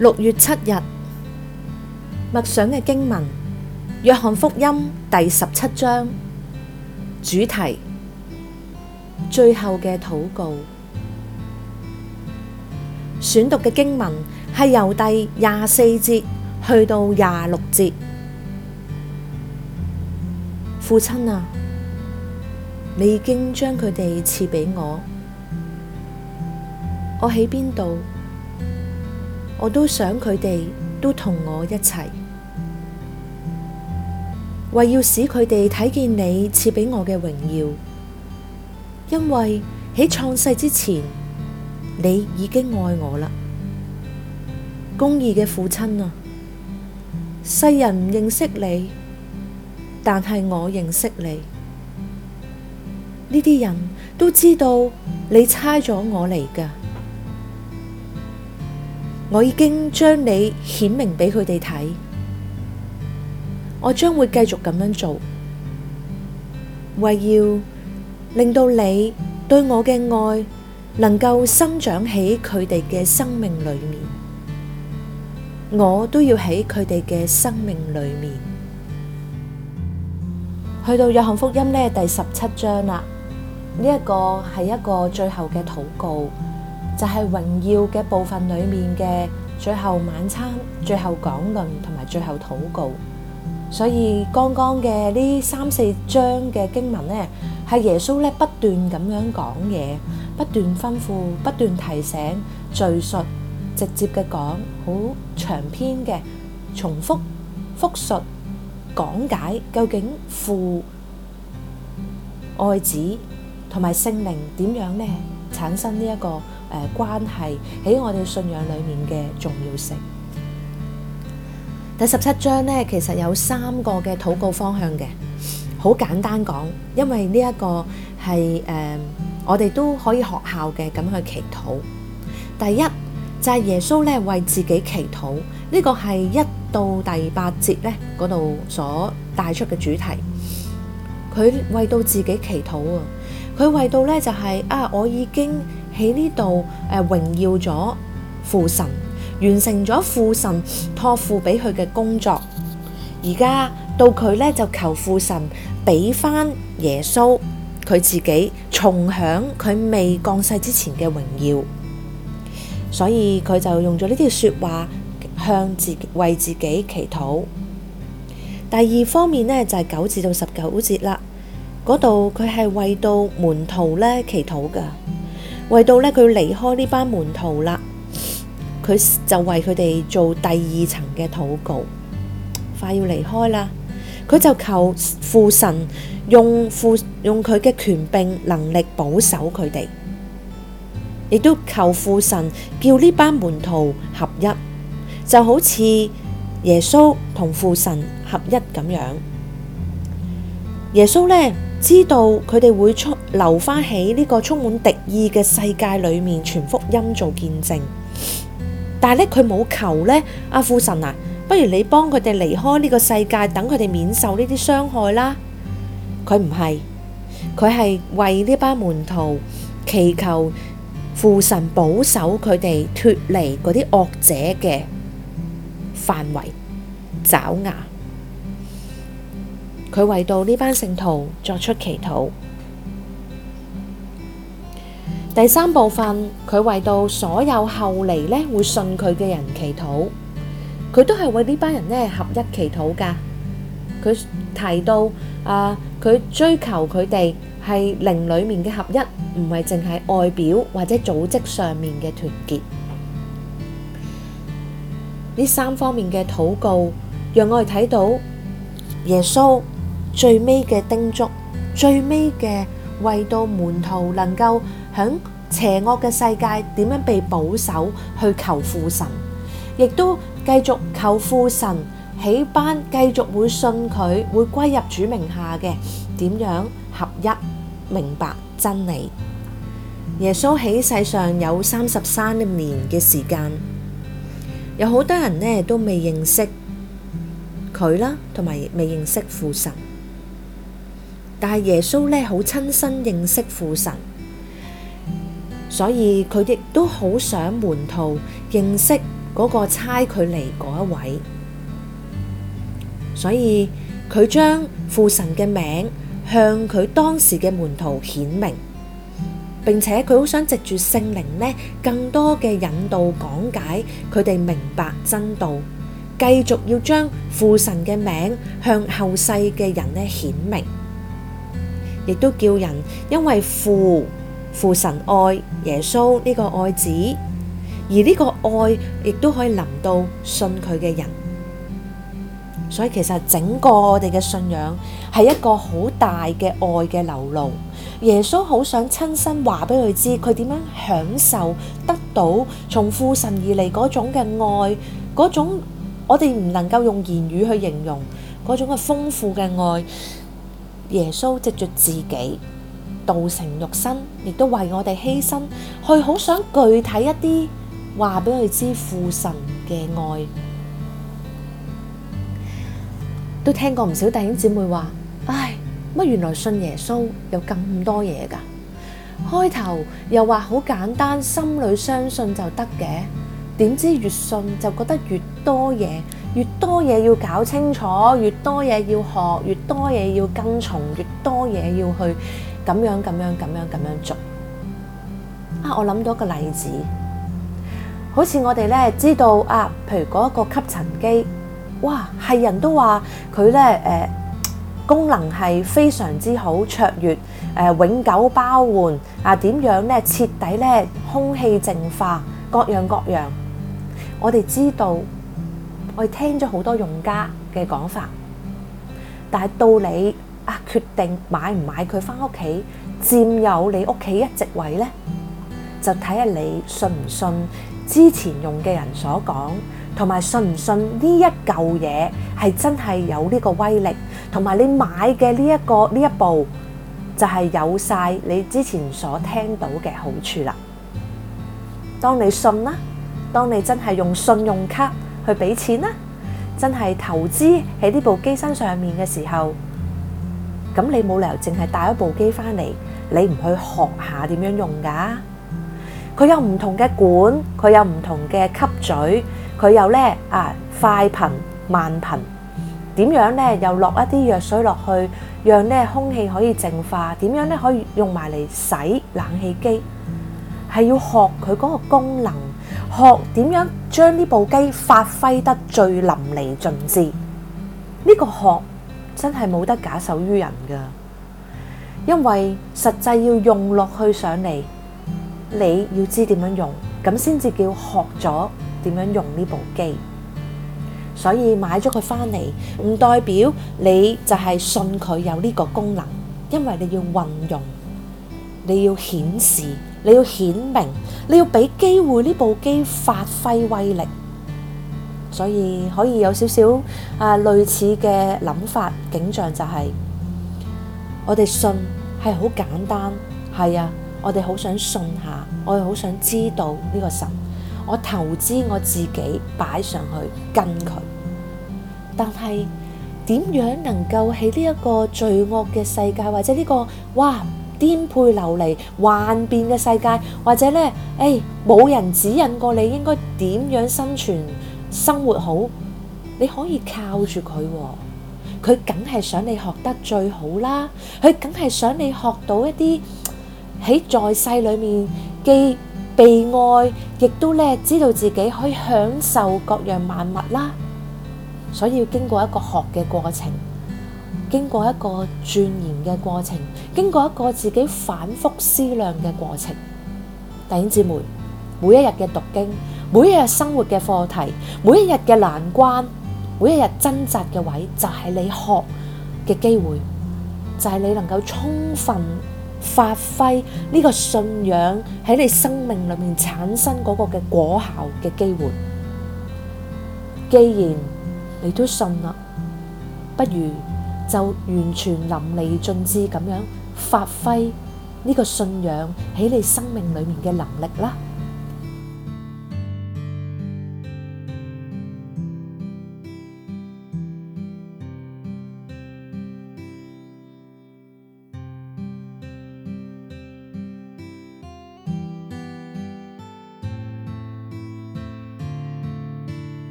六月七日默想嘅經文：約翰福音第十七章，主題最後嘅禱告。選讀嘅經文係由第廿四節去到廿六節。父親啊，你已經將佢哋賜畀我，我喺邊度，我都想佢哋都同我一齊，為要使佢哋睇見你賜畀我嘅榮耀，因為喺創世之前，你已經愛我啦。公義嘅父親啊！世人唔認識你，但係我認識你，呢啲人都知道你差咗我嚟噶。我已經將你顯明畀佢哋睇，我將會繼續咁樣做，為要令到你對我嘅愛能夠生長喺佢哋嘅生命裏面，我都要喺佢哋嘅生命裏面。去到約翰福音呢第十七章啦，呢一個係一個最後嘅禱告。就係榮耀嘅部分裏面嘅最後晚餐、最後講論同埋最後禱告，所以剛剛嘅呢三四章嘅經文咧，係耶穌咧不斷咁樣講嘢，不斷吩咐、不斷提醒、敘述、直接嘅講，好長篇嘅重複複述講解，究竟父愛子同埋聖靈點樣咧產生呢一個？誒、呃、關係喺我哋信仰裡面嘅重要性。第十七章呢，其實有三個嘅禱告方向嘅，好簡單講，因為呢一個係誒、呃、我哋都可以學校嘅咁去祈禱。第一就係、是、耶穌咧為自己祈禱，呢、這個係一到第八節呢嗰度所帶出嘅主題。佢為到自己祈禱啊！佢為到呢就係、是、啊，我已經。喺呢度誒，榮耀咗父神，完成咗父神託付俾佢嘅工作。而家到佢咧就求父神俾翻耶穌佢自己重享佢未降世之前嘅榮耀，所以佢就用咗呢啲說話向自己為自己祈禱。第二方面呢，就係九至到十九節啦，嗰度佢係為到門徒咧祈禱噶。為到咧，佢要離開呢班門徒啦，佢就為佢哋做第二層嘅禱告，快要離開啦，佢就求父神用父用佢嘅權柄能力保守佢哋，亦都求父神叫呢班門徒合一，就好似耶穌同父神合一咁樣。耶穌咧。知道佢哋會出留返喺呢個充滿敵意嘅世界裏面傳福音做見證，但係咧，佢冇求咧，阿父神啊，不如你幫佢哋離開呢個世界，等佢哋免受呢啲傷害啦。佢唔係，佢係為呢班門徒祈求父神保守佢哋脫離嗰啲惡者嘅範圍爪牙。佢為到呢班聖徒作出祈禱。第三部分，佢為到所有後嚟，咧會信佢嘅人祈禱。佢都係為呢班人咧，合一祈禱噶。佢提到啊，佢追求佢哋係靈裏面嘅合一，唔係淨係外表或者組織上面嘅團結。呢三方面嘅禱告，讓我哋睇到耶穌。最尾嘅叮囑，最尾嘅為到門徒能夠響邪惡嘅世界點樣被保守去求父神，亦都繼續求父神起班，繼續會信佢，會歸入主名下嘅，點樣合一，明白真理。耶穌喺世上有三十三年嘅時間，有好多人呢都未認識佢啦，同埋未認識父神。但係耶穌呢，好親身認識父神，所以佢亦都好想門徒認識嗰個差佢嚟嗰一位，所以佢將父神嘅名向佢當時嘅門徒顯明。並且佢好想藉住聖靈呢，更多嘅引導講解佢哋明白真道，繼續要將父神嘅名向後世嘅人呢顯明。亦都叫人因為父父神愛耶穌呢個愛子，而呢個愛亦都可以臨到信佢嘅人。所以其實整個我哋嘅信仰係一個好大嘅愛嘅流露。耶穌好想親身話俾佢知，佢點樣享受得到從父神而嚟嗰種嘅愛，嗰種我哋唔能夠用言語去形容嗰種嘅豐富嘅愛。耶穌藉着自己道成肉身，亦都為我哋犧牲，佢好想具體一啲話俾佢知父神嘅愛。都聽過唔少弟兄姊妹話，唉，乜原來信耶穌有咁多嘢㗎？開頭又話好簡單，心裏相信就得嘅，點知越信就覺得越多嘢。越多嘢要搞清楚，越多嘢要學，越多嘢要跟從，越多嘢要去咁樣咁樣咁樣咁樣做。啊，我諗到個例子，好似我哋咧知道啊，譬如嗰一個吸塵機，哇，係人都話佢咧誒功能係非常之好卓越，誒、呃、永久包換啊，點樣咧徹底咧空氣淨化，各樣各樣，我哋知道。我聽咗好多用家嘅講法，但係到你啊決定買唔買佢翻屋企佔有你屋企一席位呢，就睇下你信唔信之前用嘅人所講，同埋信唔信呢一嚿嘢係真係有呢個威力，同埋你買嘅呢一個呢一步就係有晒你之前所聽到嘅好處啦。當你信啦，當你真係用信用卡。去俾錢啦！真係投資喺呢部機身上面嘅時候，咁你冇理由淨係帶一部機翻嚟，你唔去學下點樣用噶？佢有唔同嘅管，佢有唔同嘅吸嘴，佢有咧啊快頻、慢頻，點樣咧又落一啲藥水落去，讓咧空氣可以淨化，點樣咧可以用埋嚟洗冷氣機，係要學佢嗰個功能。學點樣將呢部機發揮得最淋漓盡致？呢個學真係冇得假手於人噶，因為實際要用落去上嚟，你要知點樣用，咁先至叫學咗點樣用呢部機。所以買咗佢翻嚟，唔代表你就係信佢有呢個功能，因為你要運用，你要顯示。你要顯明，你要俾機會呢部機發揮威力，所以可以有少少啊類似嘅諗法景象就係、是，我哋信係好簡單，係啊，我哋好想信下，我哋好想知道呢個神，我投資我自己擺上去跟佢，但係點樣能夠喺呢一個罪惡嘅世界或者呢、這個哇，顛沛流離、幻變嘅世界，或者呢，誒，冇人指引過你應該點樣生存、生活好，你可以靠住佢，佢梗係想你學得最好啦，佢梗係想你學到一啲喺在世裏面既被愛，亦都呢知道自己可以享受各樣萬物啦，所以要經過一個學嘅過程。經過一個鑽研嘅過程，經過一個自己反覆思量嘅過程，弟兄姊妹，每一日嘅讀經，每一日生活嘅課題，每一日嘅難關，每一日掙扎嘅位，就係你學嘅機會，就係你能夠充分發揮呢個信仰喺你生命裏面產生嗰個嘅果效嘅機會。既然你都信啦，不如。就完全淋漓盡致咁樣發揮呢個信仰喺你生命裏面嘅能力啦。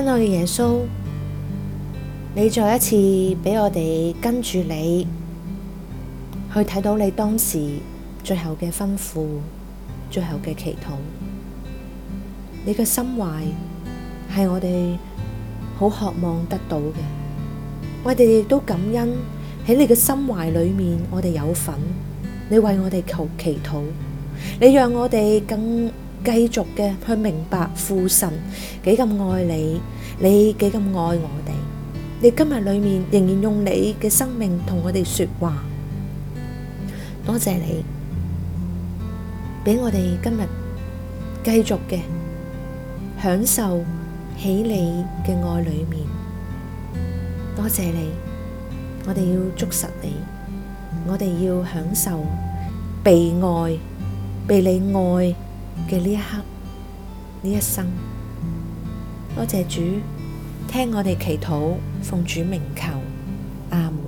親愛的耶穌，你再一次俾我哋跟住你，去睇到你當時最後嘅吩咐，最後嘅祈禱，你嘅心懷係我哋好渴望得到嘅。我哋亦都感恩喺你嘅心懷裏面，我哋有份。你為我哋求祈禱，你讓我哋更。繼續嘅去明白父神幾咁愛你，你幾咁愛我哋，你今日裏面仍然用你嘅生命同我哋說話，多謝你，畀我哋今日繼續嘅享受喺你嘅愛裏面，多謝你，我哋要捉實你，我哋要享受被愛，被你愛。嘅呢一刻，呢一生，多謝主，聽我哋祈禱，奉主名求，阿門。